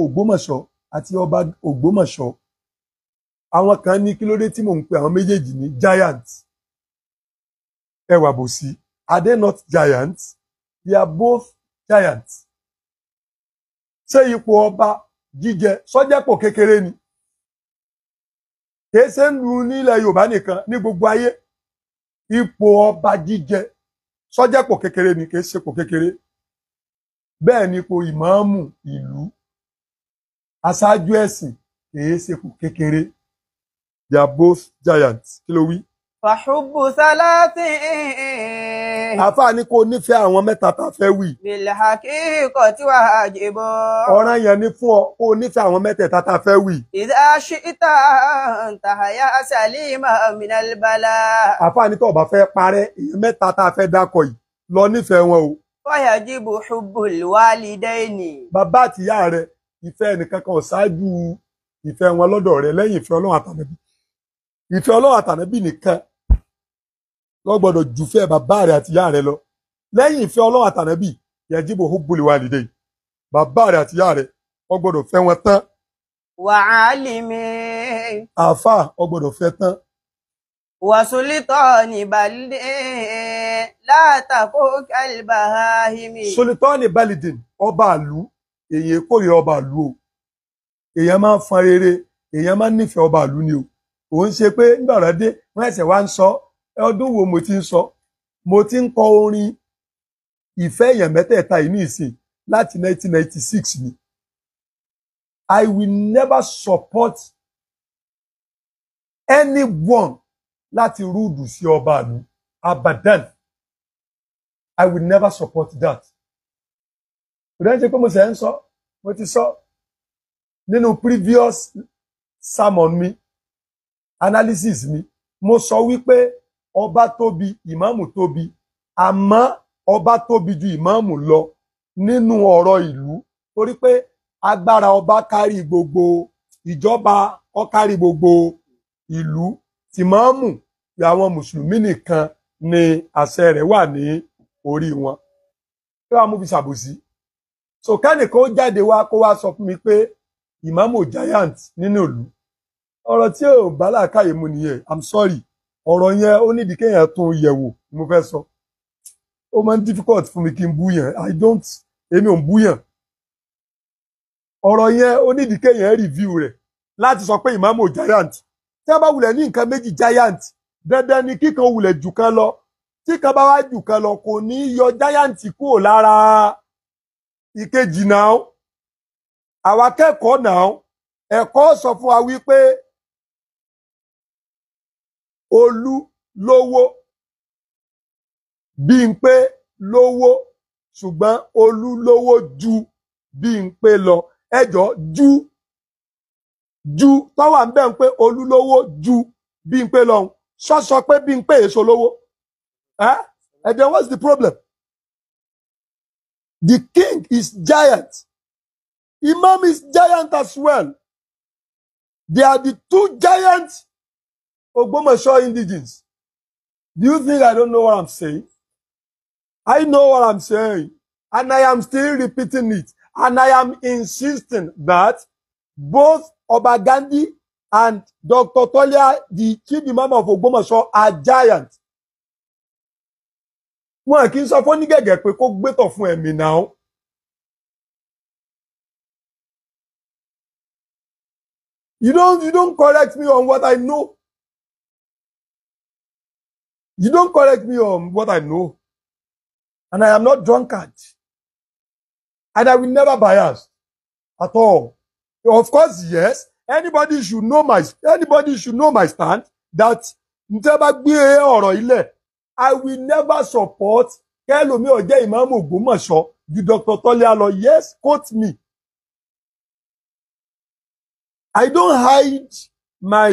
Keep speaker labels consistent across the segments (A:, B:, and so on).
A: Ògbómọ̀ṣọ́ àti ọba Ògbómọ̀ṣọ́ àwọn kan ní kí ló dé tí mò ń pe àwọn méjèèjì ní giant ẹwà bòsí are they not giants they are both giants ṣé ipò ọba jíjẹ sọjẹpọ kékeré ni kìí ṣe ń lu nílẹ̀ Yorùbá nìkan ní gbogbo ayé ipò ọba jíjẹ sọjẹpọ kékeré ni kìí ṣe pò kékeré bẹ́ẹ̀ ni ipò ìmáàmù ìlú aṣáájú ẹ̀sìn kìí ṣepò kékeré they are both giants kí ló wí.
B: fàṣùbù sálátì. àfa
A: ni kò nífẹ̀ẹ́ àwọn mẹ́ta tá a fẹ́ wì.
B: bìlàkì kò tí wàá àjẹbọ.
A: ọ̀ràn yẹn ni fún ọ kó o nífẹ̀ẹ́ àwọn mẹ́tẹ̀ẹ̀ta tá a fẹ́ wì.
B: ìdá ṣíta tàyà sàlímà mìnàlbàlà.
A: àfa ni tó o bá fẹ́ parẹ́ èyí mẹ́ta tá a fẹ́ dákọ̀ yìí lọ nífẹ̀ẹ́ wọn o. fọyàjì bù ṣubú wálídẹ́ẹ̀nì. bàbá àtìyá rẹ̀ ìfẹ́ ẹnìkankan ò ṣáájú ìfẹ́ wọn lọ́dọ̀ rẹ lẹ́yìn ìfẹ́ Ọlọ́run àtànàbí ìfẹ́ Ọlọ́run àtànàbí nìkan ló gbọ́dọ̀ jùfẹ́ bàbá rẹ àti ìyá rẹ lọ lẹ́yìn ìfẹ́ Ọlọ́run àtànàbí yajibu hubbul walidayn bàbá rẹ àti ìyá rẹ ó gbọ́dọ̀ fẹ́ wọn tán. wàhálìmí. àáfà ó gbọ́dọ̀ fẹ́ tán.
B: wàsúlítọ ní balẹ látàkó kálíbà hàhìmí. sulitọ
A: ní balidin ọba àlù èèyàn kórìíra ọba ìlú o èèyàn máa ń fan rere èèyàn máa ń nífẹ̀ẹ́ ọba ìlú ni o òun ṣe pé nígbà rẹ dé wọn ẹsẹ̀ wá ń sọ ọdún wo mo ti ń sọ mo ti ń kọ orin ìfẹ́ èèyàn mẹ́tẹ̀ẹ̀ta yìí ìsìn láti 1996 ni I will never support anyone láti rúdù sí ọba ìlú abadan I will never support that rẹ́ ṣe pé mo ṣẹ̀ ń sọ mo ti sọ nínú previous sermon mi analysis mi mo sọ wípé ọba tóbi ìmáàmù tóbi àmọ́ ọba tóbi ju ìmáàmù lọ nínú ọ̀rọ̀ ìlú torí pé agbára ọba kárí gbogbo ìjọba ó kárí gbogbo ìlú tìmáàmù àwọn mùsùlùmí nìkan ni àṣẹ rẹ̀ wà ní orí wọn. kí wàá mú fi ṣàbòsí so kẹ́nìkan ó jáde wá kó wá sọ fún mi pé ìmáàmù giant nínú ìlú ọ̀rọ̀ tí ò bá làákàyè mu nìyẹn i'm sorry ọ̀rọ̀ yẹn ó nídìí kéèyàn tún yẹ̀wò ni mo fẹ́ sọ ó máa ń difficult fún mi kí n bú yẹn i don't èmi ò ń bú yẹn ọ̀rọ̀ yẹn ó nídìí kéèyàn review rẹ̀ láti sọ pé ìmáàmù giant tí wọ́n bá wulẹ̀ ní nǹkan méjì giant dandan ni kíkan wulẹ̀ jù kan lọ tí kan bá wá jù kan lọ kò ní yọ giant kúrò lára ìkejì náà àwọn akẹ́kọ̀ọ́ náà ẹ̀kọ́ sọ fún wa wípé olú lówó Bímpé lówó ṣùgbọ́n olú lówó ju Bímpé lọ ẹjọ́ ju ju tọ́wà ń bẹ̀ ń pé olú lówó ju Bímpé lọ sọ́sọ pé Bímpé èso lówó ẹ̀ then what's the problem? The king is giant. Imam is giant as well. They are the two giant Ogbomoso indigenes. Do you think I don't know what I'm saying? I know what I'm saying. And I am still repeating it. And I am insisting that both Oba and Dr. Tolia, the chief imam of Ogbomoso, are giants wọn kì í sọ fún onígẹ̀gẹ̀ pé kó gbétọ̀ fún ẹ̀mí náà. You don't, you don't correct me on what I know. You don't correct me on what I know. And I am not drunkard. And I will never bias at all. Of course, yes, anybody should know my, anybody should know my stand that I will never support kẹ́lòmí ọ̀jẹ́ Imamu Ògbómọ̀ṣọ́ ju Dr. Tọ́lá lọ yes quote me. I don't hide my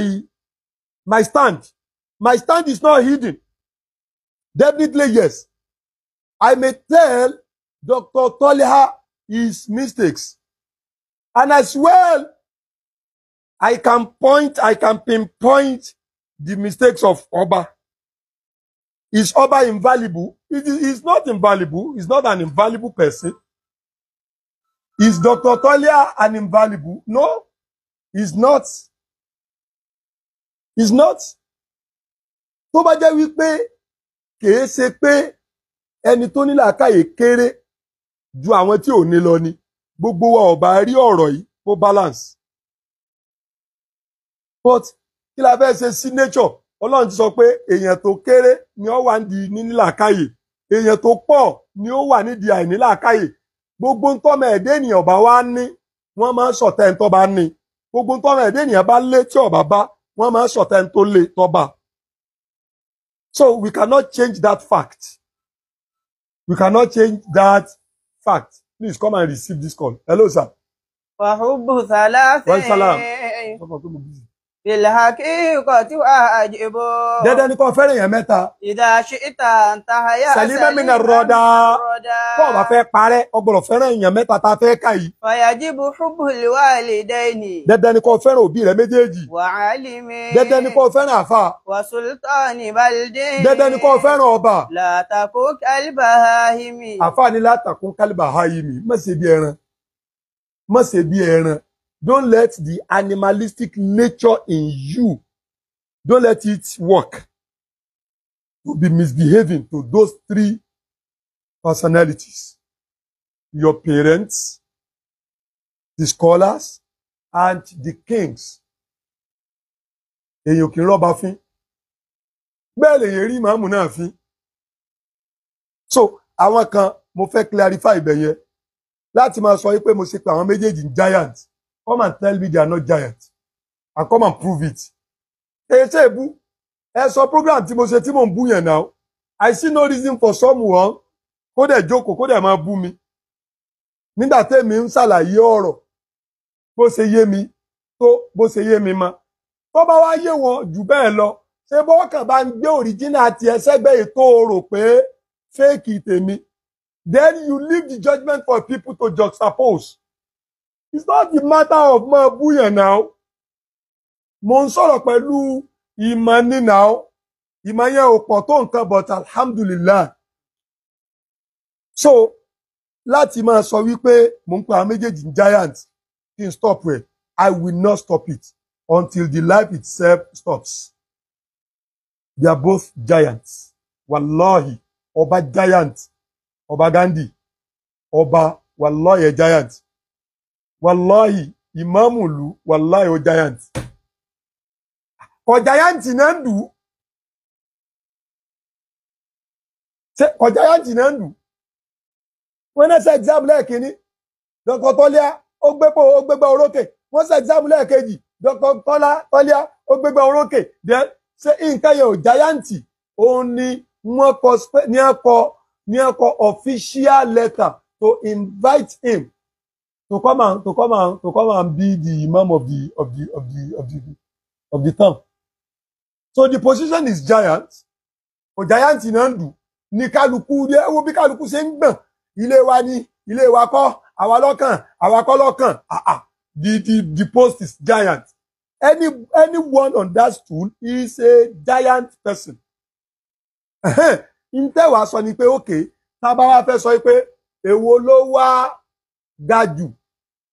A: my stand my stand is not hidden definitely yes I may tell Dr. Tọ́lá his mistakes and as well I can point I can pinpoint the mistakes of Oba. Is Oba invaluable? It is, he's not invaluable. He's not an invaluable person. Is Dr. Tolia an invaluable? No, he's not. He's not. Tó bá jẹ́ wípé kìí ṣe pé ẹni tó ní làákàyè kéré ju àwọn tí ò ní lọ ni. Gbogbo wa ọ̀bá rí ọ̀rọ̀ yìí kó balance. But kí la fẹ́ ṣe sí nature? ọlọ́run ti sọ pé èèyàn tó kéré ni ó wà nídìí níní làákàyè èèyàn tó pọ̀ ni ó wà nídìí àìní làákàyè gbogbo ntọ́mọ ẹ̀dẹ́ ènìyàn bá wá ní wọ́n máa ń sọ̀tẹ́ ntọ́ bá ní gbogbo ntọ́mọ ẹ̀dẹ́ ènìyàn bá lé tí ọ̀bà bá wọ́n máa ń sọ̀tẹ́ ntọ́ lé tọ́ba. So we cannot change that fact. We cannot change that fact. Please come and receive this call. Hello, sir. Wàhùbù Sàlásì. Wàhùbù Sàlásì.
B: Bilhakíkọ̀tí wà àjìbò.
A: Dandan ni kó fẹ́ràn èèyàn mẹ́ta.
B: Ìdáṣí ìta ntahaya. Sẹ̀límà mìnà rọ̀dà.
A: Kọ́ ọ̀bà fẹ́ parẹ́, o gbọ́dọ̀ fẹ́ràn mẹ́ta tá fẹ́ kà yìí.
B: Fàyàjìbù hubbul walidaini.
A: Dandan ni kó fẹ́ràn òbí rẹ̀ méjèèjì.
B: Wà mi. Dandan
A: ni kó fẹ́ràn àfà.
B: Wà sultani balidin. Dandan ni
A: kó fẹ́ràn ọba. Látàkú kálíbà ni látàkú kálíbà háyìmì. Má ṣe bí Don't let the animalistic nature in you, don't let it work to be misbehaving to those three personalities. Your parents, the scholars, and the kings. Èyàn kì í rọ́bà fín. Bẹ́ẹ̀ lèyàn rí màámù náà fín. So àwọn kan mo fẹ́ clarify ibẹ̀ yẹn láti máa sọ wípé mo ṣe pé àwọn méjèèjì ń giant. Come and tell me they are not giants. And come and prove it. Ẹ ṣe èbú. Ẹ sọ program tí mo ṣe tí mò ń bú yẹn now. I see no reason for someone kó dẹ̀ jókòó kó dẹ̀ máa bú mi. Nígbà tẹ́mi ń ṣàlàyé ọ̀rọ̀ bó ṣe yé mi tó bó ṣe yé mi ma. Tó bá wá yé wọn jù bẹ́ẹ̀ lọ, ṣé bọ́ọ̀kàn bá ń gbé òríjínà àti ẹsẹ́gbẹ́ ètò rò pé fẹ́ẹ̀kì tèmi. Then you leave the judgment for people to juxtapose it's not the matter of máa búyàn náà mo ń sọ̀rọ̀ pẹ̀lú ìmọ̀ nínà ó but alhamdulillah so láti máa sọ wípé mo ń pa giant kí stop rẹ̀ I will not stop it until the life itself stops they are both giants wallahi Oba giant Oba Gandhi ọba wallahi giant wàláì ìmáàmù lu wàláì ó giant kọ giant náà ń ṣe kọ giant náà ń dùn wọn náà ṣe exam lẹ́ẹ̀kínní dọkọ tọlíà ó gbégbá ó gbégbá orókè wọn ṣe exam lẹ́ẹ̀kejì dọkọ tọlá tọlíà ó gbégbá orókè then ṣe nǹkan yẹn ò giant òun ni wọn kọ ní ẹkọ ní ẹkọ official letter to invite him to come and to come and to come and be the imam of the of the of the of the of the town. So the position is giant. Kò giant in ń dù ní de dé wo bí kálukú ṣe ń gbọ̀n ilé wa ni ilé wa kọ́ àwa lọ́kàn àwa kọ́ lọ́kàn ah ah the the the post is giant. Any anyone on that stool is a giant person. wa so ni pe okay tá a bá wá fẹ́ sọ pé èwo ló wá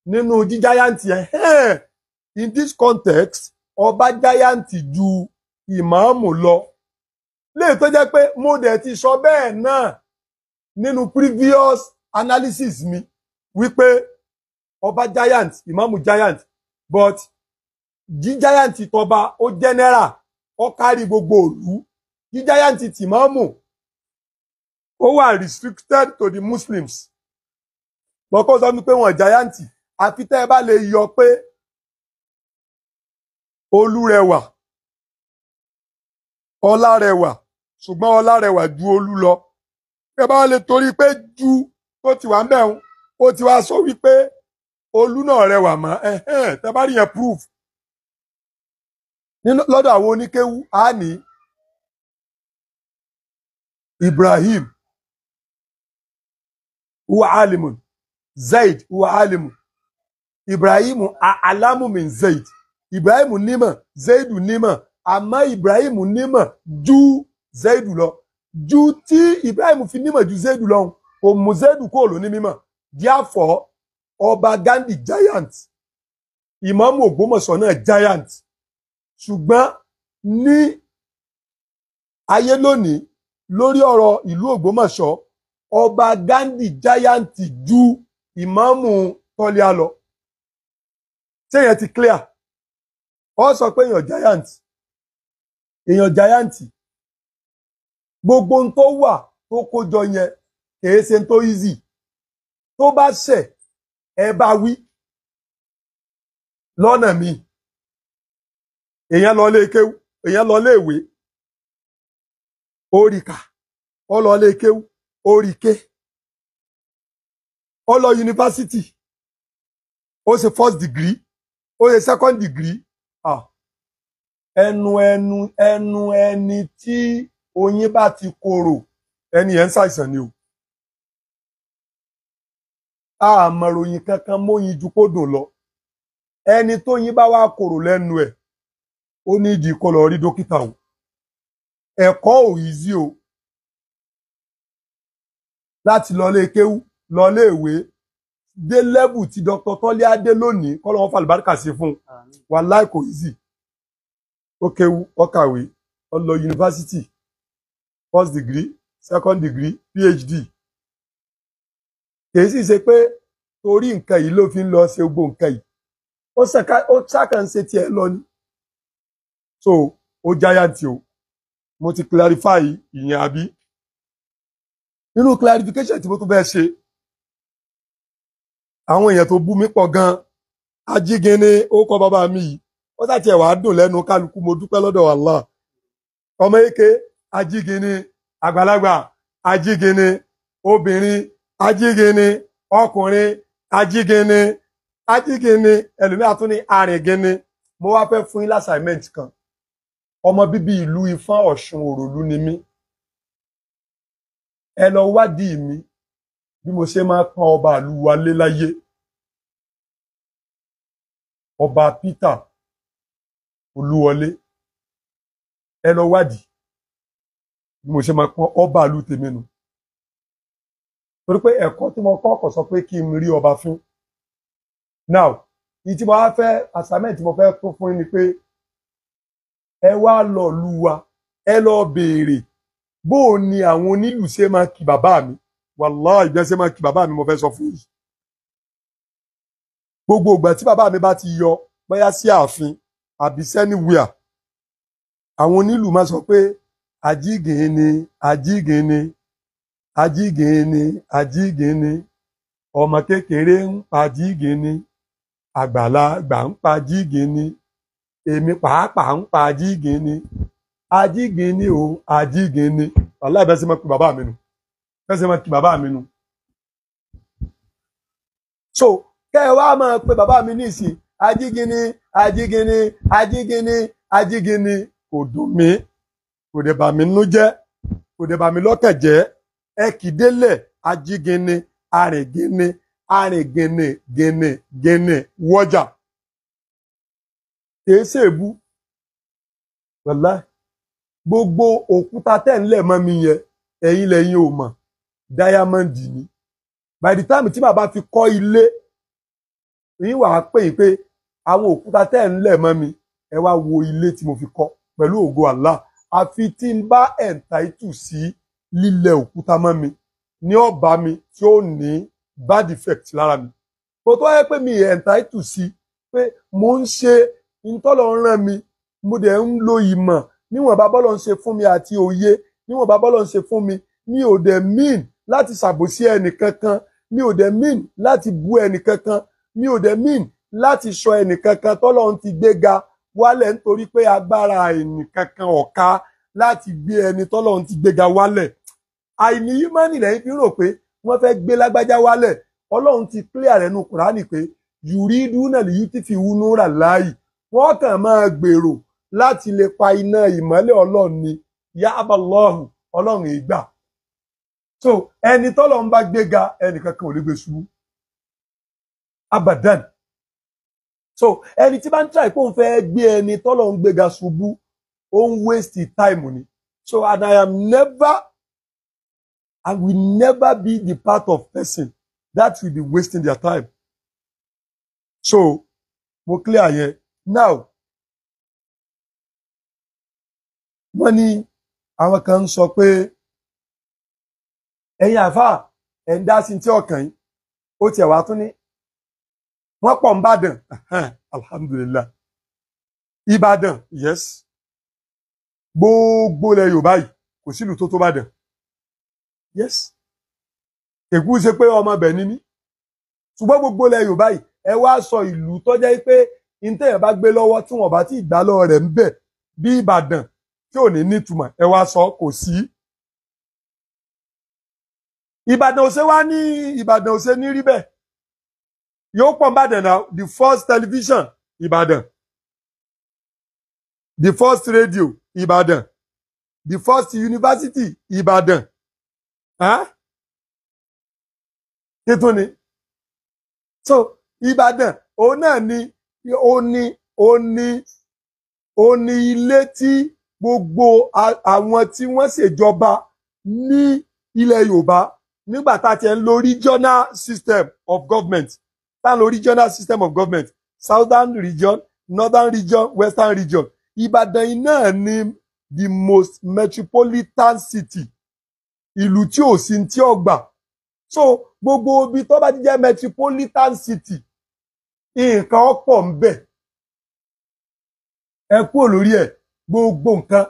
A: nínú jíjáyàǹtì ẹ̀ in this context ọba jáyàǹtì ju ìmáàmù lọ léè tó jẹ́ pé mo dẹ̀ ti sọ bẹ́ẹ̀ náà nínú previous analysis mi wípé ọba giant ìmáàmù giant but jí giant tọba ó general ó kárí gbogbo òlú jí giant tìmáàmù ó wà restricted to the Muslims bọ́kọ́ sọ mi pé wọ́n giant àfi tẹ́ ẹ bá lè yọ pé olúrẹwà ọlárẹwà ṣùgbọ́n ọlárẹwà ju olú lọ tẹ́ ẹ bá lè torí pé ju tó ti wà mẹ́rin ó ti wá sọ wípé olú náà rẹwà mọ́ tẹ́ bá rí yẹn proof lọ́dọ̀ àwọn oníkéwú á ní Ibrahim huwa alimun Zaid huwa alimun ibrahim alamu min zaid ibrahim nímọ̀ zaidu nímọ̀ àmọ́ ibrahim nímọ̀ ju zaidu lọ ju tí ibrahim fi nímọ̀ ju zaidu lọ kò mú zaidu kúrò lóní mímọ̀ therefore ọba gandhi giant ìmáàmù ògbómọ̀ṣọ́ náà giant ṣùgbọ́n ní ayé lónìí lórí ọ̀rọ̀ ìlú ògbómọ̀ṣọ́ ọba gandhi giant ju ìmáàmù tọ́lẹ́ àlọ́ ṣé yẹn ti clear ọ sọ pé èèyàn giant èèyàn giant gbogbo ohun tó wà tó kójọ yẹn kìí ṣe tó easy tó bá ṣẹ̀ ẹ bá wí lọ́nà mi èèyàn lọ lé kéwú èèyàn lọ lé ìwé oríkà ó lọ lé kéwú oríkè ó lọ yunifásitì ó ṣe first degree oye second degree ẹnu ẹnu ẹnu ẹni tí oyin bá ti korò ẹni yẹn ń ni o àmọ̀ròyìn kankan móyin ju kó lọ ẹni tó yin bá wá korò lẹ́nu ẹ̀ ó ní ìdí kó dókítà o ẹ̀kọ́ ò easy o láti lọ lé kéwú dé lẹ́bù tí dr tọ́lé adé lónìí kọ́lọ́ wọn fàlùbáríkà sí fún un wà láì kò easy ó kéwu ó kàwé ó lọ yunifásitì first degree second degree phd kì í sì ṣe pé torí nǹkan yìí ló fi ń lọ ṣe gbogbo nǹkan yìí ó ṣàkà ń ṣe tiẹ̀ lọ ni so ó jáyàntì o mo ti clarify ìyẹn àbí nínú clarification tí mo tún bẹ́ẹ̀ ṣe àwọn èèyàn tó bú mi pọ̀ gan ajígẹni ó kọ bàbá mi yìí ó sàtì ẹwà dùn lẹ́nu kálukú mo dúpẹ́ lọ́dọ̀ Allah ọmọ eke ajígẹni àgbàlagbà ajígẹni obìnrin ajígẹni ọkùnrin ajígẹni ajígẹni ẹlòmíà tún ní arìngẹni mo wá fẹ́ fún yín lásàmẹǹt kan ọmọ bíbí ìlú Ifán Ọ̀ṣun Òròlú ni mí ẹ lọ wádìí mi bí mo ṣe máa pọ́n ọba ìlú wa lé láyé ọba Peter Olúwọlé ẹ lọ wádìí bí mo ṣe máa pọ́n ọba ìlú tèmi nù torí pé ẹ̀kọ́ tí mo kọ́ kọ̀ sọ pé kí n rí ọba fún now ìtí mo wá fẹ́ assignment tí mo fẹ́ fún fún ni pé ẹ wá lọ lu wa ẹ lọ béèrè bó o àwọn onílù ṣe máa kí bàbá mi wàláhì ìgbẹ́ sẹ́ máa kí bàbá mi mo fẹ́ sọ fún yìí gbogbo ìgbà tí bàbá mi bá ti yọ bóyá sí ààfin àbí sẹ́niwìà àwọn onílù máa sọ pé àjígìn ni àjígìn ni àjígìn ni àjígìn ni ọmọ kékeré ń pa jígìn ni àgbàlagbà ń pa jígìn ni èmi pàápàá ń pa jígìn ni àjígìn ni o àjígìn ni wàláhì ìbẹ́sẹ̀ máa bàbá mi nù ẹsẹ̀ máa kí bàbá mi nu so kẹ́ ẹ wá máa pe bàbá mi ní ìsìn ajígini ajígini ajígini ajígini kò dùn mí kò dẹ̀ bà mí nú jẹ́ kò dẹ̀ bà mí lọ́kàn jẹ́ ẹ kì í délẹ̀ ajígini arìngini arìngini gini gini wọ́jà kìí ṣèbú wàlá gbogbo òkúta tẹ̀ ń lẹ̀ mọ́ mi yẹn ẹ̀yin lẹ́yìn ò mọ̀ dáyámọ́ǹdì ni by the time tí bàbá fi kọ́ ilé yín wàá pè yín pé àwọn òkúta tẹ́ ń lẹ̀ mọ́ mi ẹ wá wo ilé tí mo fi kọ́ pẹ̀lú ògo Allah àfi tí n bá ẹ̀ǹtáìtù sí lílẹ̀ òkúta mọ́ mi ní ọ̀bá mi tí ó ní bad effect lára mi kò tó wáyé pé mi ẹ̀ǹtáìtù sí pé mo ń ṣe ntọ́lọ̀ ń ràn mí mo dẹ̀ ń lo ìmọ̀ níwọ̀nba bọ́lọ̀ ń ṣe fún mi àti òye níwọ̀nba bọ́lọ̀ ń ṣe fún mi mi ò dẹ̀ mean láti ṣàbòsí ẹnìkankan mi ò dẹ̀ mean láti bú ẹnìkankan mi ò dẹ̀ mean láti sọ ẹnìkankan tọ́lọ́run ti gbéga wálẹ̀ nítorí pé agbára ẹnìkankan ọ̀ka láti gbé ẹni tọ́lọ́run ti gbéga wálẹ̀ àìní yimani lẹ́yìn fi rò pé wọ́n fẹ́ gbé lágbájá wálẹ̀ ọlọ́run ti clear rẹ̀ nu kùránì pé yùrí dúnà lèyí tí fi wúnú rà láàyè wọ́n kàn máa gbèrò láti lè pa iná ìmọ́lẹ̀ ọlọ́run ni yá abàlọ́hùn ọlọ́run ìgbà so ẹni tọ́lọ̀ ń bá gbéga ẹnì kankan ò lè gbé ṣubú abadan so ẹni tí bá ń tíráì pé òun fẹ́ gbé ẹni tọ́lọ̀ ń gbéga ṣubú ó ń waste time ni so and I am never I will never be the part of person that will be wasting their time so mo clear yẹn now wọ́n ní àwọn kan ń sọ pé ẹ̀yin àfà ẹ̀ ń dá sí ti ọkàn yìí ó tiẹ̀ wá tún ní wọ́n pọ̀ ń bàdàn alhamdulillah ìbàdàn yes gbogbo lẹ yorùbá yìí kò sílùú tó tó bàdàn yes èkú ṣe pé ọmọ bẹ̀ ni mí ṣùgbọ́n gbogbo lẹ yorùbá yìí ẹ wá sọ ìlú tó jẹ́ pé ntẹ̀yẹ̀ bá gbé lọ́wọ́ tí wọ́n bá ti gbà lọ́wọ́ rẹ̀ ń bẹ̀ bí ìbàdàn tí ò ní nítumọ̀ ẹ wá sọ kò sí ìbàdàn ò ṣe wá ní ìbàdàn ò ṣe ní rí bẹ́ẹ̀ yóò pọ̀ nbàdàn náà the first television ìbàdàn the first radio ìbàdàn the first university ìbàdàn tuntun ni so ìbàdàn òun náà ni ó ní ó ní ó ní ilé tí gbogbo àwọn tí wọ́n ṣèjọba ní ilẹ̀ yorùbá nígbà tá a ti ń lo regional system of government tá a lo regional system of government southern region northern region western region Ìbàdàn iná ni the most metropolitan city ìlú tí ò sí tí ọgbà so gbogbo ibi tó bá ti jẹ́ metropolitan city nǹkan ọ̀pọ̀ ń bẹ ẹ kúrò lórí ẹ̀ gbogbo nǹkan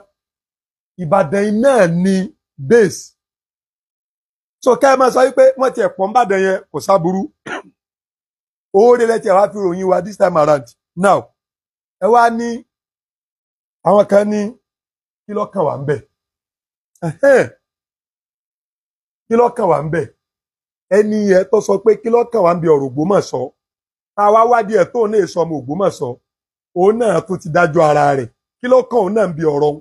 A: Ìbàdàn iná ni base so ká ẹ máa sọ wípé wọn ti ẹ̀pọ̀ ń bàdàn yẹn kò sáburú oore lẹ́tì àwa fi ròyìn wa this time around now ẹ wá ní àwọn kan ní kí kàn wá ń bẹ̀ kí kàn wá ń bẹ̀ ẹni yẹn tó sọ pé kí kàn wá ń bẹ̀ ọ̀rọ̀ Ògbómọ̀ṣọ́ àwa wádìí ẹ̀ tó ní èso ọmọ Ògbómọ̀ṣọ́ òun náà tó ti dájọ ara rẹ̀ kí kàn òun náà ń bi ọ̀rọ̀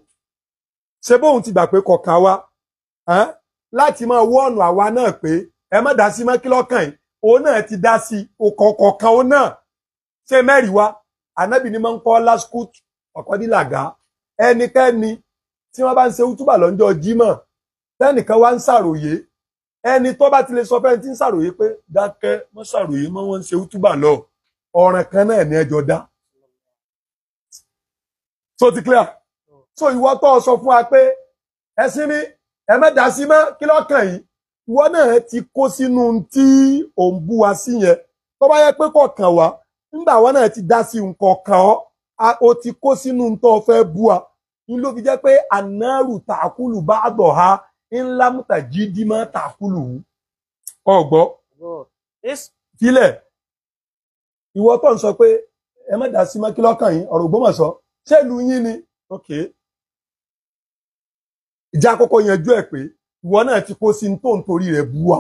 A: ṣe bóun ti gbà pé kọ̀ọ̀kan wá. láti máa wọ ọ̀nà àwa náà pé ẹ má dá sí mọ́ kí lọ́kàn yìí òun náà ti dá sí ọ̀kọ̀ọ̀kọ̀ kan òun náà ṣe mẹ́rin wa ànábì ni máa ń kọ́ lásìkò ọ̀kọ́dínlàgá ẹnikẹ́ni tí wọ́n bá ń ṣe útúbà lọ́jọ́ jímọ̀ tẹ́nìkan wá ń ṣàròyé ẹni tó bá ti lè sọ fẹ́ni tí ń ṣàròyé pé dákẹ́ mọ́ ṣàròyé mọ́ wọ́n ń ṣe útúbà lọ ọ̀ràn kan náà ni ẹjọ́ dá so ti clear so ìwọ tó sọ fún wa pé ẹ̀sìn mi eme dasi ma kilọkan yi iwo naha ti ko sinu nti o nbu a si nye gomayope kọ kan wa ngbe awo naha e ti dasi nkọkan o a o ti ko sinu nti o fe bu a n'ilo bi je pe anaaru taakulu ba agbo ha n'ilamụta jidima taakulu o kọọgbọ. ndị ogbo kile iwotoro nsọ pe eme dasi ma kilọkan yi ọrụ gbọm ọsọ chelu nye ni ok. ìjà àkọ́kọ́ yanjú ẹ̀ pé ìwọ náà ti kó sí tó ń torí rẹ̀ bu wa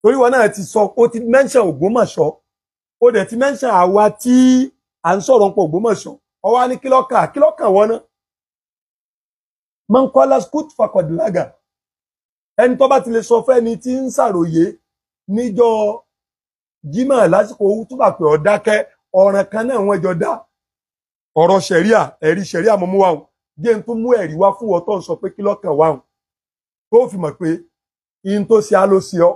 A: torí ìwọ náà ti sọ ó ti mẹ́ńṣàn Ògbómọ̀ṣọ́ ó dẹ̀ ti mẹ́ńṣàn àwa tí à ń sọ̀rọ̀ pọ̀ Ògbómọ̀ṣọ́ ó ni ní kílọ́kà kílọ́kà wọn náà mọ́ńkọ́lá skut fakọ̀dìlága ẹni tó bá ti lè sọ fẹ́ni tí ń ṣàròyé níjọ́ Jímọ̀ lásìkò túbà pé ó dákẹ́ ọ̀ràn kan náà wọ́n jọ dá ọ̀rọ̀ ṣẹ̀ríà ẹ̀rí ṣẹ̀ríà mọ́mú wa o jẹ́ n tó mú ẹ̀rí wá fún ọ tó ń sọ pé kí lọ́kàn wà hùn tó fi mọ̀ pé ihun tó ṣe á ló ṣe ọ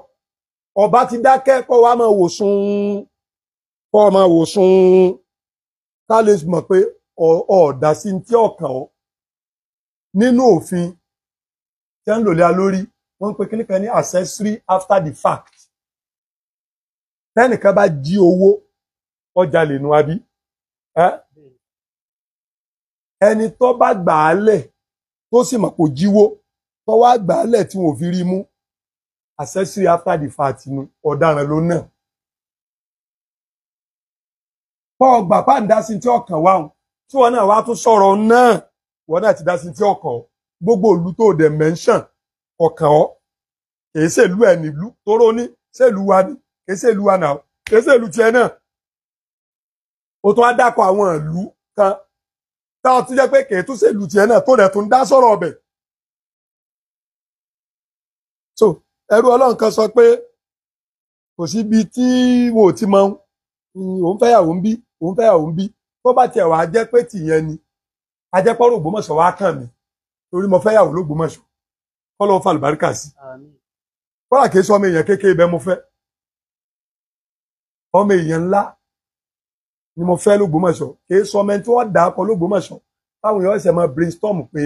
A: ọba ti dákẹ́ kọ́ wa máa wò sùn kọ́ máa wò sùn ká lè mọ̀ pé ọ̀ọ̀dà sí tí ọ̀kàn ọ nínú òfin tí ń lòlẹ́ lórí wọ́n ń pe kíní kan ní accessory after the fact tẹ́nìkan bá jí owó ọjà lè nu abí. Eh? ẹni tó bá gbà á lẹ̀ tó sì mọ̀ kò jíwó tó wá gbà á tí wọ́n fi rí mú accessory after the ọ̀daràn ló náà. paul gbà pàǹdà ti ọkàn wa hùn tí náà wá tún sọ̀rọ̀ náà wọn náà ti dá sí ọkàn gbogbo ìlú tó dẹ̀ mẹ́ńṣàn ọkàn ọ́ kìí ẹ̀ tóró ní wa ní kìí wa náà kìí ta a ti jẹ́ pé se tún ṣèlú tiẹ̀ na tó rẹ̀ tún dá so eru ọlọ́run kan sọ pé ko si bi ti wo ti o òun fẹ́yàwó ń o n bi ń bí tó a tiẹ̀ wàá jẹ́ pé tìyẹn ni ajẹ́pọ́rọ̀ ògbómọ̀ṣọ́ wàá kàn mí mo ni mo fẹ́ lógbómọ̀ṣọ́ kì í sọmọ ẹni tí wọ́n dà á kọ lógbómọ̀ṣọ́ táwọn èèyàn ṣẹ̀ máa brainstorm pé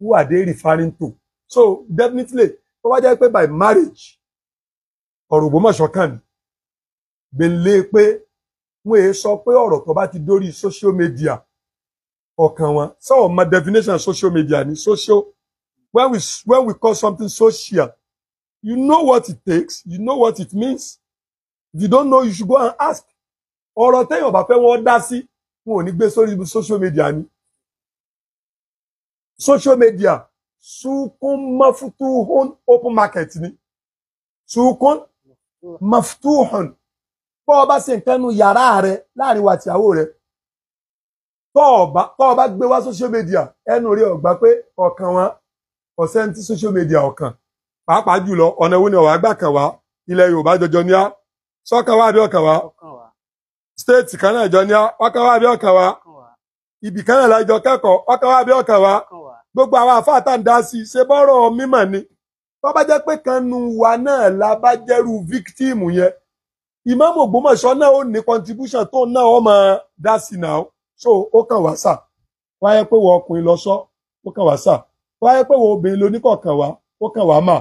A: who are they referring to so definitely tó bá jẹ́ pé by marriage ọ̀rọ̀ ògbómọ̀ṣọ́ kàn ní gbélé pé wọ́n èé sọ pé ọ̀rọ̀ tó bá ti dórí social media ọ̀kan wọn So my definition of social media ni social when we when we call something social you know what it takes you know what it means if you don't know you should go and ask ọ̀rọ̀ téèyàn bá fẹ́ wọ́n dá sí wọn ò ní gbé sórí social media ni social media sukun mafutuhun open market ni sukun mafutuhun bọ́ ọ bá ṣe nǹkan nu yàrá rẹ láàrin wa tìyàwó rẹ tọ́ ọ bá gbé wá social media ẹnu rí ọ̀gbá pé ọ̀kan wọn ọ̀sẹ̀ ń tí social media ọ̀kan pàápàá jùlọ ọ̀nà wo ni ọ̀wá gbà kàn wá ilẹ̀ Yorùbá jọjọ ní á sọ́kàn wá àbí ọ̀kan wá. steeti kan náà jọ ní ọkàn wa bí ọkàn wa ibì kan náà lájọ kẹ́kọ̀ọ́ ọkàn wa gbogbo awa àfáà tá à se dá sí i ni tó jẹ́ pé kanu nu wa náà la bá jẹ́rú fíktíìmù yẹn ìmáàmù Ògbómọ̀ṣọ́ náà ó ní contribution tó náà ó máa dá sí náà so ó kàn wá sà wáyé pé wọ ọkùnrin lọ sọ ó kàn wá sà wáyé pé wọ obìnrin lóníkọ̀ọ̀kan wá ó kàn wá mà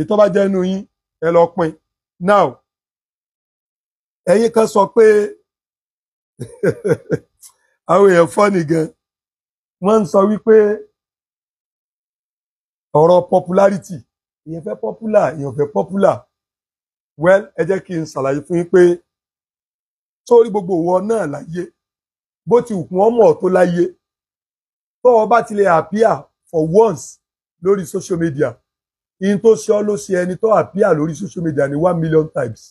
A: ètò bá jẹ́ nu yín ẹ lọ pin now ẹ̀yin kan sọ pé àwọn èèyàn fọ́nì gan wọ́n ń sọ wípé ọ̀rọ̀ popularity èèyàn fẹ́ popular èèyàn fẹ́ popular well ẹ jẹ́ kí n ṣàlàyé fún yín pé sórí gbogbo ìwọ náà láyé bó ti wù kí wọ́n mọ̀ tó láyé tó o bá ti appear for once lórí social media in tó ṣe ọ́ ló ṣe ẹni tó appear lórí social media ní one million times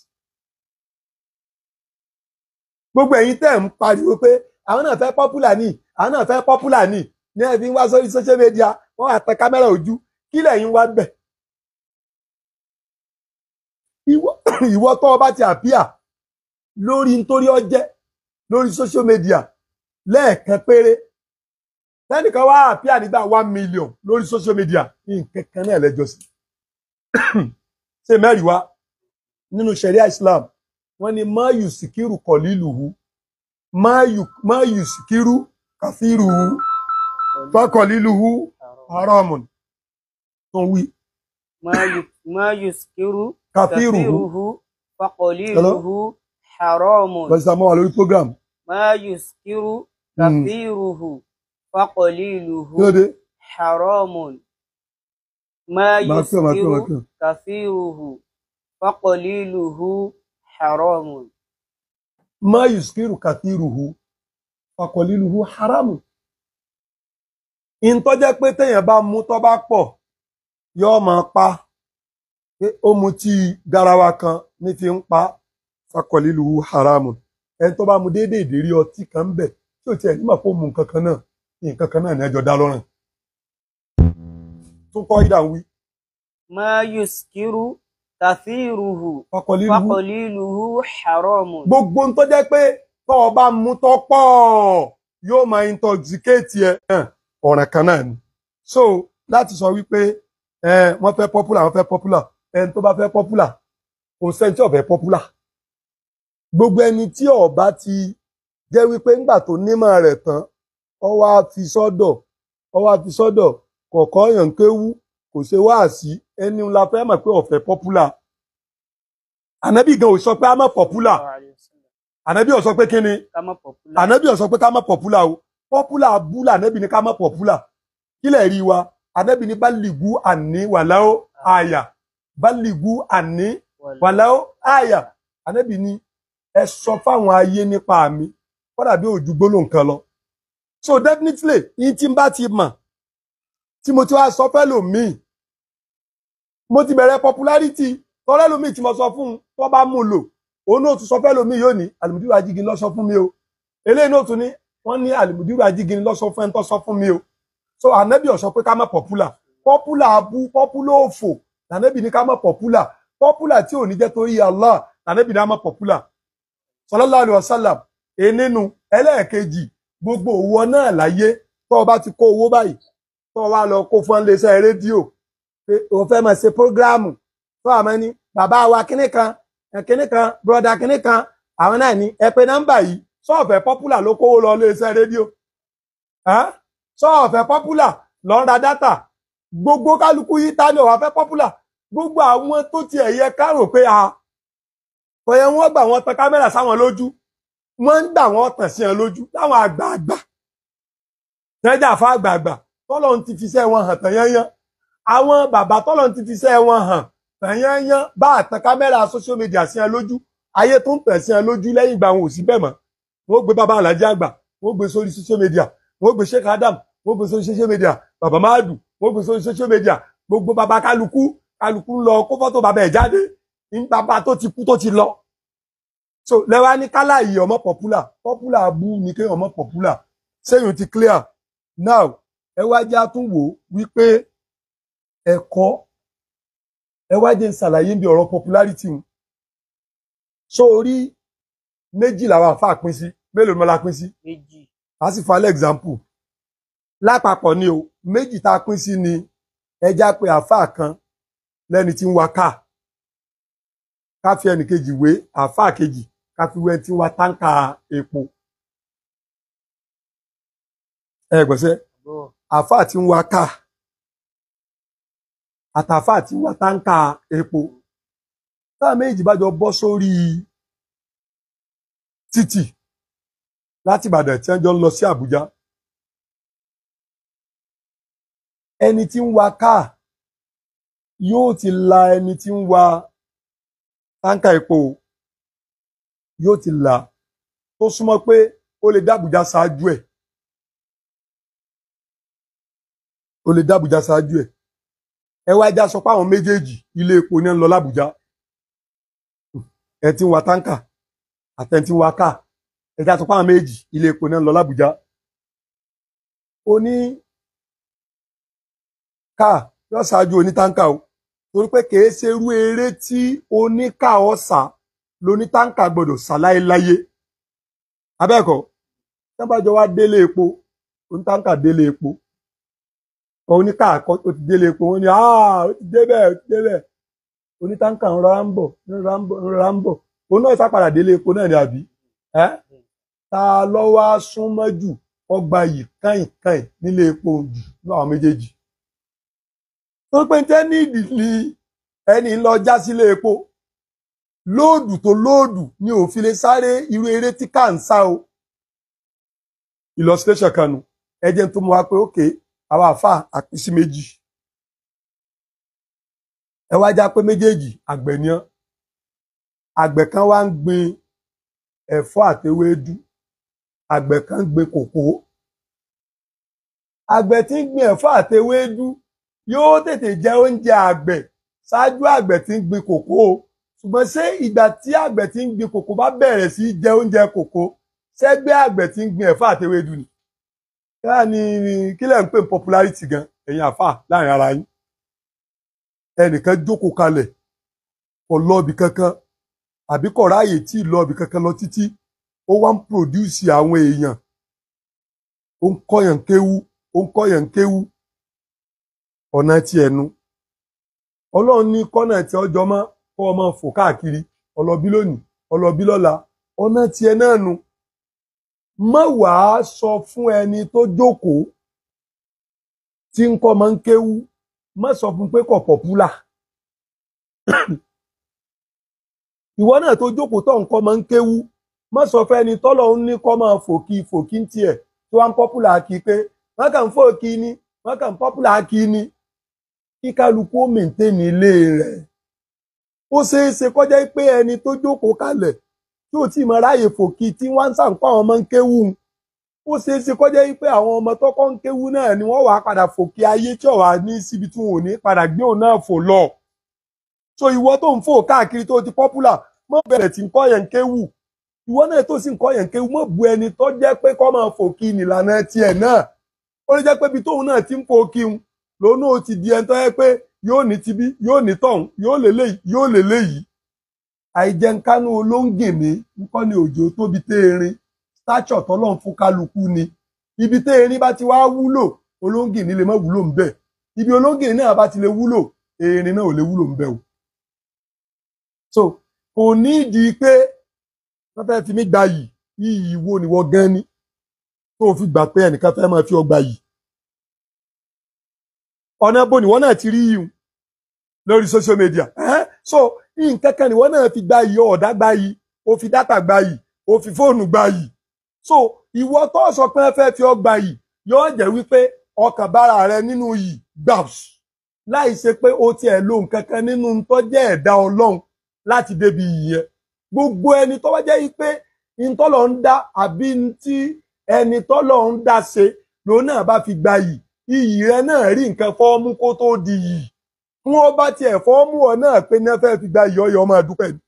A: gbogbo ẹ̀yin tẹ́ ń pariwo pé àwọn náà fẹ́ popular ni àwọn náà fẹ́ popular ni ní ẹ fi ń wá sórí social media wọ́n wá tan kámẹ́rà ojú kí lẹ́yìn wá bẹ̀. ìwọ tó o bá ti àpíà lórí nítorí ọjẹ́ lórí social media lẹ́ẹ̀kan péré lẹ́nìkan wá àpíà nígbà one million lórí social media nǹkan kan náà lẹ́jọ́ sí. ṣé mẹ́rin wá nínú ṣẹ̀ríà Islam wọ́n ní má yù síkírù kọ̀lílùú má yù síkírù kàfírù fákọ̀lílùú haramun tó wí.
B: má yù síkírù kàfírù fákọ̀lílùú haramun. lọ́sí
A: àmọ́ wà lórí program.
B: má síkírù kàfírù fákọ̀lílùú haramun. má síkírù kàfírù fákọ̀lílùú haramun. حرام
A: ما يسكر كثيره فقليله حرام in tó jẹ́ pé téèyàn bá mú tó bá pọ̀ yóò pa pé ó mu tí kan niti n pa fakọ̀lílu haramu ẹni tó bá mu déédéé ìdérí ọtí kan bẹ̀ tí ò tiẹ̀ nímọ̀ kó mu nǹkan kan náà nǹkan kan náà ní ẹjọ́
B: ma yuskiru tàfíìrùhù
A: fàkọ̀lìlùhù
B: haramu.
A: gbogbo tó jẹ́ pé tó o bá mú tó pọ̀ yóò máa intoxicate ẹ̀ ọ̀ràn kan náà ni. so láti sọ wípé wọ́n fẹ́ popular wọ́n fẹ́ popular ẹni tó bá fẹ́ popular kò sẹ́ni tí ò popular. gbogbo ẹni tí ó bá ti jẹ́ wípé ńgbà tó nímọ̀ rẹ̀ tán ó wá fi sọ́dọ̀ ó yàn kéwú kò ṣe wáàsí ẹni la fẹ́ mọ̀ pé ọ̀fẹ́ popular ànábì gan ò sọ pé a mọ̀ popular ànábì ò sọ pé kíni ànábì ò sọ pé ká mọ̀ popular o popular búlà ànábì ní ká mọ̀ popular kílẹ̀ rí wa ànábì ní bálígù àní wàláwó àyà bálígù àní wàláwó àyà ànábì ní ẹ sọ fáwọn ayé nípa mi kọ́dà bí òjú gbólóǹkan lọ so definitely yín tí n bá ti mọ̀ tí mo ti wá sọ fẹ́ lòmíì mo ti bẹ̀rẹ̀ popularity tọ́lẹ́ lòmíì tí mo sọ fún un tó bá mú un lò òun náà tún sọ fẹ́ lòmíì yóò ní àlùmùdírù ajígin ló fún mi o eléyìí náà tún ní wọ́n ní àlùmùdírù ajígin ló fún ẹni tó sọ fún mi o so ànábì ó sọ pé ká má popular popular abú popular òfò ànábì ní ká má popular popular tí ò ní jẹ́ torí Allah ànábì ní ká má popular sallallahu alaihi wasallam ẹnìnú ẹlẹ́ẹ̀kejì gbogbo òwò náà láyé tó o bá ti kó owó báyìí tó wá lọ kó fún iléeṣẹ́ rédíò pé òun fẹ́ máa ṣe prógráàmù tó àmọ́ ní bàbá wa kínní kan kínní kan broda kínní kan àwọn náà ní ẹ pé nọ́mbà yìí sọ́ọ̀fẹ́ pọ́pùlà ló kówó lọ iléeṣẹ́ rédíò sọ́ọ̀fẹ́ pọ́pùlà lọ ń ra dátà gbogbo kálukú yìí tá ní ọ̀wá fẹ́ pọ́pùlà gbogbo àwọn tó tiẹ̀ yẹ ká rò pé a ọ̀yẹ́ wọn gbà wọn tan kámẹ́rà sáwọn lójú wọ́n gbà wọn tàn sí wọn lójú láwọn àgbààgbà tẹ́jà fún àgbààgbà tọ́lọ́run ti fi iṣẹ́ wọn hàn tàyányán àwọn bàbá tọ́lọ́run ti fi iṣẹ́ wọn hàn tàyányán bá àtàn kámẹ́rà social media sí ẹ lójú ayé tó ń tẹ̀ sí ẹ lójú lẹ́yìn ìgbà wọn ò sí bẹ́ẹ̀ mọ́ wọ́n gbé bàbá alájà àgbà wọ́n gbé sórí social media wọ́n gbé Sheikh Adam wọ́n gbé sórí social media bàbá máàdù wọ́n gbé sórí social media gbogbo bàbá kálukú kálukú ń lọ kó fọ́tò bàbá ẹ̀ jáde ní bàbá tó ti kú tó ti lọ so lẹ́wà ní kálá yìí ọmọ popular popular bú ni kéèyàn ọmọ popular sẹ́yìn ti clear now ẹ wá já tún wò wípé ẹ̀kọ́ ẹ wá jẹ́ ṣàlàyé bí ọ̀rọ̀ popularity wọn so orí méjì làwọn àfa pín sí mélòó mọ́ la pín sí méjì a sì fa example lápapọ̀ ni o méjì tá a pín sí ni ẹja pé àfa kan lẹ́ni tí ń wa káà ká fi ẹnìkejì wé àáfàá kejì ká fi wé tí wá táǹkà epo. ẹ gbọ́sẹ̀ àáfàá tí ń wa ká àtàáfàá tí ń wa táǹkà epo táà méjì bá jọ bọ́ sórí títì láti Ìbàdàn tí wọ́n jọ ń lọ sí Àbújá ẹni tí ń wa káà yóò ti la ẹni tí ń wa táǹkà epo yóò ti là tó súnmọ́ pé ó lè dàbújá ṣáájú ẹ̀. o lè dábùjá ṣáájú ẹ̀ ẹ wá já sọ pé àwọn méjèèjì ilé epo ní ń lọ lábùjá ẹ ti ń wa táǹkà àtẹ̀ntì ń wa káà ẹ já sọ pé àwọn méjèèjì ilé epo ní ń lọ lábùjá o ní káà yóò ṣáájú onítáǹkà o torí pé kèé ṣe irú eré tí oníkà ọ̀sà lónítáǹkà gbọdọ̀ sá láéláyé abẹ́ẹ̀kọ́ tí wọ́n bá jọ wá délé epo onítáǹkà délé epo oníkàkọ́ tó ti délé epo wọ́n ní ah, ó ti débẹ̀ ó ti débẹ̀ onítàǹkà ń rọra ń bọ̀ ń rọra ń bọ̀ òun náà sápadà délé epo náà ni àbí ẹ́ ta ló wá súnmọ́ jù ọgbà yìí káìnkáìn nílé epo jù ní àwọn méjèèjì tó pé tẹ́nìdì ni ẹni lọ já sílé epo lóòdù tó lóòdù ni òfin lè sáré irú eré tí ká ń sá o ìlọsílẹ̀ṣọ̀ kanu ẹjẹ̀ tó mú wa pé ókè okay àwọn àfáà àpín sí méjì ẹ wá já pé méjèèjì àgbẹ̀ ni án àgbẹ̀ kan wá ń gbin ẹ̀fọ́ àtewédú àgbẹ̀ kan ń gbin kòkó àgbẹ̀ tí ń gbin ẹ̀fọ́ àtewédú yóò tètè jẹ oúnjẹ àgbẹ̀ ṣáájú àgbẹ̀ tí ń gbin kòkó ṣùgbọ́n ṣé ìgbà tí àgbẹ̀ tí ń gbin kòkó bá bẹ̀rẹ̀ sí jẹ oúnjẹ kòkó ṣẹ́gbẹ́ àgbẹ̀ tí ń gbin ẹ̀fọ́ àtewédú ni ní kí lẹ́ ń pè popularity gan ẹ̀yin àfà láàrin ara yín ẹnìkan jókòó kalẹ̀ kò lọ́ọ̀bì kankan àbí kò ráàyè tí ì lọ́ọ̀bì kankan lọ títí ó wá ń produce àwọn èèyàn ó ń kọ́yàn kéwú ó ń kọ́yàn kéwú ọ̀nà ti ẹnu ọlọ́run ní kọ́nà tí ọjọ́ mọ́ kọ́ ọmọ fò káàkiri ọlọ́bí lónìí ọlọ́bí lọ́la ọ̀nà náà nu. má wàá sọ fún ẹni tó jókòó tí ń kọ́ máa ń kéwú má sọ fún pé kò pọ̀púlà ìwọ náà tó jókòó tó ń kọ́ ń kéwú má sọ fún ẹni tọ́lọ̀ ń ní kọ́ máa fòkì fòkì ń tiẹ̀ tó wá ń pọ́pùlà kí pé wọ́n kàn ń ni wọ́n kàn ń pọ́pùlà kí ni kí kálukú ó mèǹtẹ́ ní ilé rẹ̀ ó ṣeé ṣe kọjá pé ẹni tó jókòó kalẹ̀ tí ò tí ì mọ ráàyè fòkì tí wọ́n ń sàǹkọ́ àwọn ọmọ ń kéwù ó ṣeé ṣe kọjá wípé àwọn ọmọ tọkọ ń kéwù náà ni wọ́n wàá padà fòkì ayé tí ọ̀wà ní síbi tí wọn ò ní padà gbé òun náà fò lọ so ìwọ tó ń fò káàkiri tó ti popular mọ bẹ̀rẹ̀ tí ń kọ́ yẹn ń kéwù ìwọ náà tó sì ń kọ́ yẹn ń kéwù mọ bu ẹni tó jẹ́ pé kọ́ máa fòkì nìlànà tiẹ̀ náà ó lè jẹ́ pé ibi tóun náà ti ń fòkì lónà ó ti di ẹni tó yẹ pé yóò ní tibí yóò ní tọ̀hún yóò lélẹ́yìí yóò lélẹ́yìí àìjẹnkánú olóńgèmé ńkọ́ ni òjò tóbi téerin táṣọ̀ tọ́lọ́run fún kálukú ni ibi téerin bá ti wá wúlò olóńgèmé lè má wúlò ńbẹ̀ ibi olóńgèmé náà bá ti lè wúlò erin náà ò lè wúlò ńbẹ̀ o. so kò ní ìdí pé wọ́n fẹ́ fi gba yìí iyì wo ni wọ́n gan ni tó fi gbà pé ẹnìkan fẹ́ máa fi ọgbà yìí. ọ̀nà bo ni wọ́n náà ti rí yìí lórí social media. Eh? so nǹkan kan nìwọ náà fi gba iyọ̀ ọ̀dá gba yìí o fi dátà gba yìí o fi fóònù gba yìí so ìwọ tó sọ pé ẹ fẹ́ fi ọgbà yìí yóò jẹ́ wípé ọkàn bára rẹ nínú yìí gbàùs láì ṣe pé o tiẹ̀ lo nǹkan kan nínú tó jẹ́ ẹ̀dá ọlọ́run láti débi ìyẹn gbogbo ẹni tó wá jẹ́ wípé ntọ́lọ̀ ń dá àbí tí ẹni tọ́lọ̀ ń dá ṣe lòun náà bá fi gba yìí iyì rẹ náà rí nǹkan fọ́ọ́mú kó tó di yìí wọn bá tiẹ̀ fọ́ọ̀mù ọ náà pé ní wọn fẹ́ẹ́ fi gba ìyọyọ máa dúpẹ́ ni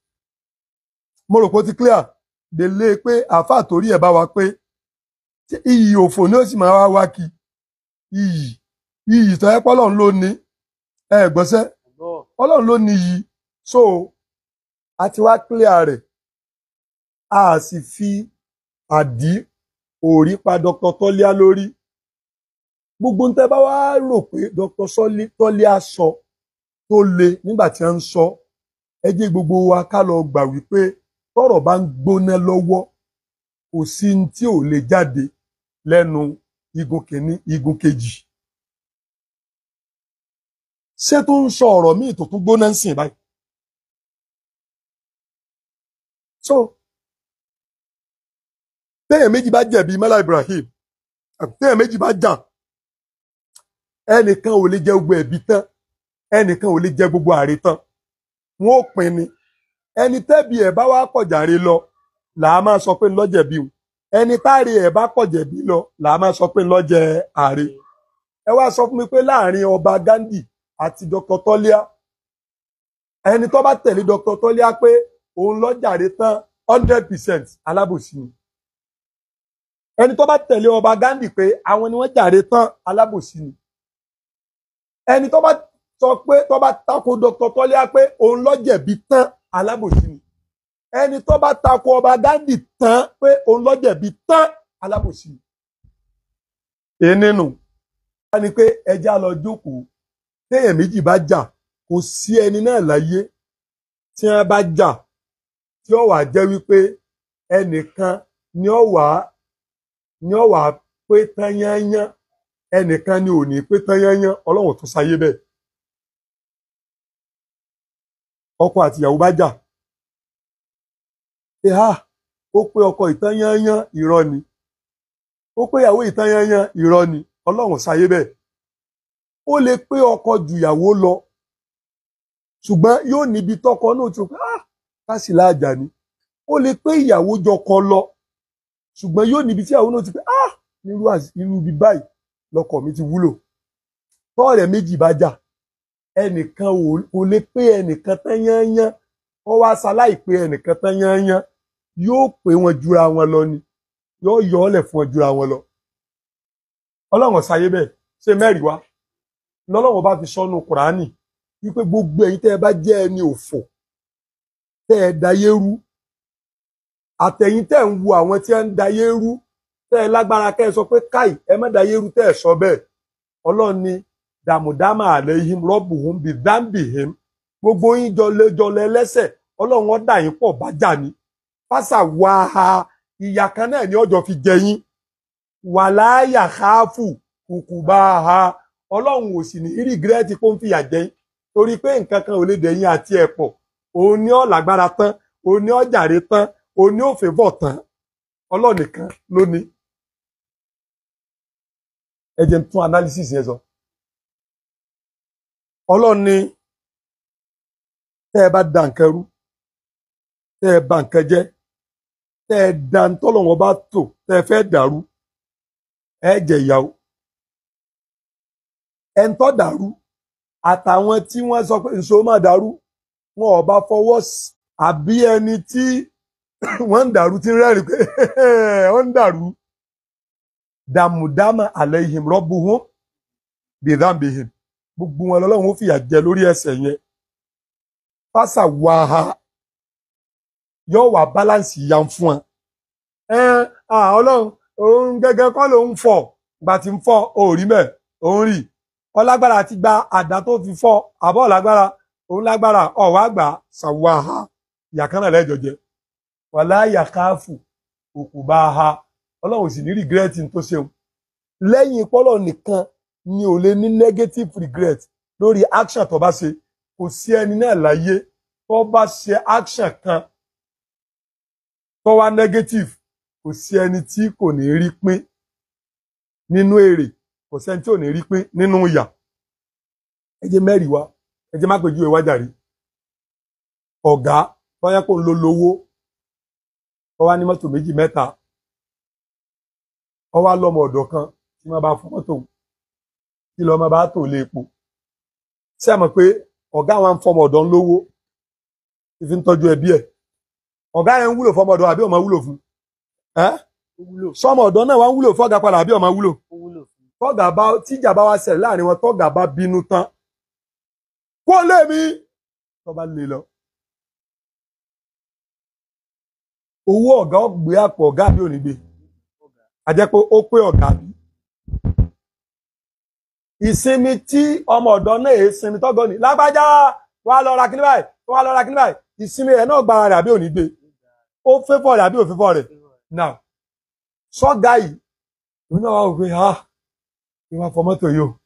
A: mo rò pé ó ti clear délé pé àáfà torí ẹ̀ bá wa pé iyì òfò ni ó sì máa wá wá kí iyì iyì tó yẹ pé Ọlọ́run ló ní ẹ gbọ́sẹ́ Ọlọ́run ló ní iyì so a ti wá clear rẹ̀ a sì fi àdí òrí pa Dr. Tọ́líá lórí gbogbo ń tẹ́ bá wá rò pé Dr. Tọ́líá sọ. So, tó le nígbà tí wọ́n ń sọ ẹ jẹ́ gbogbo wa ká lọ gbà wípé tọ́rọ̀ bá ń gbóná lọ́wọ́ kò sí ní tí ò lè jáde lẹ́nu igun kìíní igun kejì ṣé tó ń sọ ọ̀rọ̀ míì tó tún gbóná ń sìn báyìí. so téèyàn méjì bá jẹ̀bi mọ́lá Ibrahim téèyàn méjì bá jà ẹnìkan ò lè jẹ gbogbo ẹ̀bi tán ẹnìkan ò lè jẹ gbogbo àrè tán wọn ò pín ni ẹni tẹ́bi ẹ̀ bá wá kọ̀jàre lọ làá máa sọ pé ńlọ́jẹ̀bi o ẹni táre ẹ̀ bá kọ̀jẹ̀bi lọ làá máa sọ pé ńlọ́jẹ̀ àrè ẹ wá sọ fún mi pé láàrin ọba Gandhi àti Dr. Tọ́líà ẹni tó bá tẹ̀lé Dr. Tọ́líà pé òun lọ́jàre tán hundred percent alábòsí ni ẹni tó bá tẹ̀lé ọba Gandhi pé àwọn ni wọ́n jàre tán alábòsí ni ẹni tó bá sọ pé tó bá tako Dr. Tọ́lá pé òun ló tán alábòsí ni ẹni tó bá tako ọba Dádì tán pé òun ló jẹ̀bi tán alábòsí ni. ẹnìnú wá ni pé ẹja lọ jókòó téèyàn méjì bá jà kò sí ẹni náà láyé tí wọ́n bá jà tí ó wàá jẹ́ wípé ẹnìkan ni ó wàá ni ó wàá pé tán yányán ẹnìkan ni ò ní pé tán yányán ọlọ́run tó sáyé bẹ́ẹ̀. ọkọ àti ìyàwó bá jà pé ha ah, ó pé ọkọ ìtàn yányán irọ́ ni ó pé ìyàwó ìtàn yányán irọ́ ni ọlọ́run ṣayé bẹ́ẹ̀ ó lè pé ọkọ ju ìyàwó lọ ṣùgbọ́n yóò níbi tọkọ náà tó pé ah káṣí láàjà ni ó lè pé ìyàwó jọkọ lọ ṣùgbọ́n yóò níbi tí ìyàwó náà ti pé ah nírú ibi báyìí lọkọ mi ti wúlò tọ́ọ̀rẹ́ méjì bá jà ẹnìkan ò lè pé ẹnìkan tán yányán ó wá ṣaláì pé ẹnìkan tán yányán yóò pé wọn jura wọn lọ ni yóò yọ fún wọn jura lọ ọlọ́run ọ̀sáyé bẹ́ẹ̀ ṣe mẹ́rin wá lọ́lọ́run bá fi sọ́nu kùránì wípé gbogbo ẹ bá ẹni òfò ẹ dayé rú ń wo àwọn tí ẹ ń sọ pé káì ẹ má dayé rú sọ ni dàmúdàmà àlẹyìn rọbùhùn bíi dáńbìhìm gbogbo yín jọlẹ jọlẹ lẹ́sẹ̀ Ọlọ́run ó dà yín pọ̀ bájà ni fásà wàhà ìyà kan náà ni ọjọ́ fi jẹ yín káfù kùkù ha Ọlọ́run ò sì ní rìgírẹtì kó ń fìyà jẹ yín torí pé nǹkan kan ò lè àti òun ni ó tán òun ni ó tán òun ni tán nìkan ọlọ́run ni tẹ́ ẹ bá da nǹkan rú tẹ́ ẹ bà nǹkan jẹ́ tẹ́ bá tò tẹ́ fẹ́ dàrú ẹ jẹ ìyàwó ẹ àtàwọn tí wọ́n sọ pé nṣó má dàrú wọn ò bá fọwọ́ àbí ẹni tí wọ́n ń dàrú tí rẹ́rìn gbogbo wọn lọ́lọ́run ó fìyà jẹ lórí ẹsẹ̀ yẹn fásà wàhà yóò wà báláǹsì yan fún wọn. ẹ à ọlọ́run òun gẹ́gẹ́ kọ́ ló ń fọ̀ gbà tí ń fọ̀ òórí mẹ́ òun rì ọlágbára ti gba àdá tó fi fọ́ àbọ̀ ọ̀lágbára òun lágbára ọ̀wá àgbà ṣàwàhà yàkánná lẹ́jọ jẹ wàlá yàkáàfù òkú bá a ha ọlọ́run sì ní rìgírẹ́tì tó ṣeun lẹ́yìn pọ́lọ̀ nìkan ni ò lè ní negative regret lórí action tó bá ṣe kò sí ẹni náà láyé tó bá ṣe action kan tó wá negative kò sí ẹni tí kò ní rí pín nínú èrè kò sẹ́ni tí ò ní rí pín nínú ìyà ẹ jẹ́ mẹ́rin wa ẹ jẹ́ má pèjú ìwà jàre ọ̀gá tọ́yẹ kó ń lo lówó ó wá ní mọ́tò méjì mẹ́ta ó wá lọ́mọ ọ̀dọ̀ kan tí wọ́n bá fún mọ́tò kí lọ́mọ bá tò lé epo ṣé ẹ mọ̀ pé ọ̀gá wa ń fọmọ ọ̀dọ́ ń lówó ìfi ń tọ́jú ẹbí ẹ̀ ọ̀gá yẹn ń wúlò fọmọ ọ̀dọ́ àbí ọmọ wúlò fún sọmọ ọ̀dọ́ náà wá ń wúlò fọ́gà padà àbí ọmọ wúlò tọ́gà bá tíjà bá wá ṣẹlẹ̀ láàrin wọn tọ́gà bá bínú tán kó lé mi tó bá lè lọ. owó ọ̀gá ọ̀gbẹ́ àpò ọ̀gá àbí òní ìsinmi tí ọmọ ọ̀dọ́ náà èé sinmi tọ́gọ́ ni lágbájá wà lọ ra kíní báyìí wà lọ ra kíní báyìí ìsinmi rẹ̀ náà gbára rẹ̀ àbí òní gbé ó fẹ́fọ́ rẹ̀ àbí òfẹ́fọ́ rẹ̀ now sọ́gà yìí ìwé náà wà wò pé ah ìwà fọmọ́tò yìí o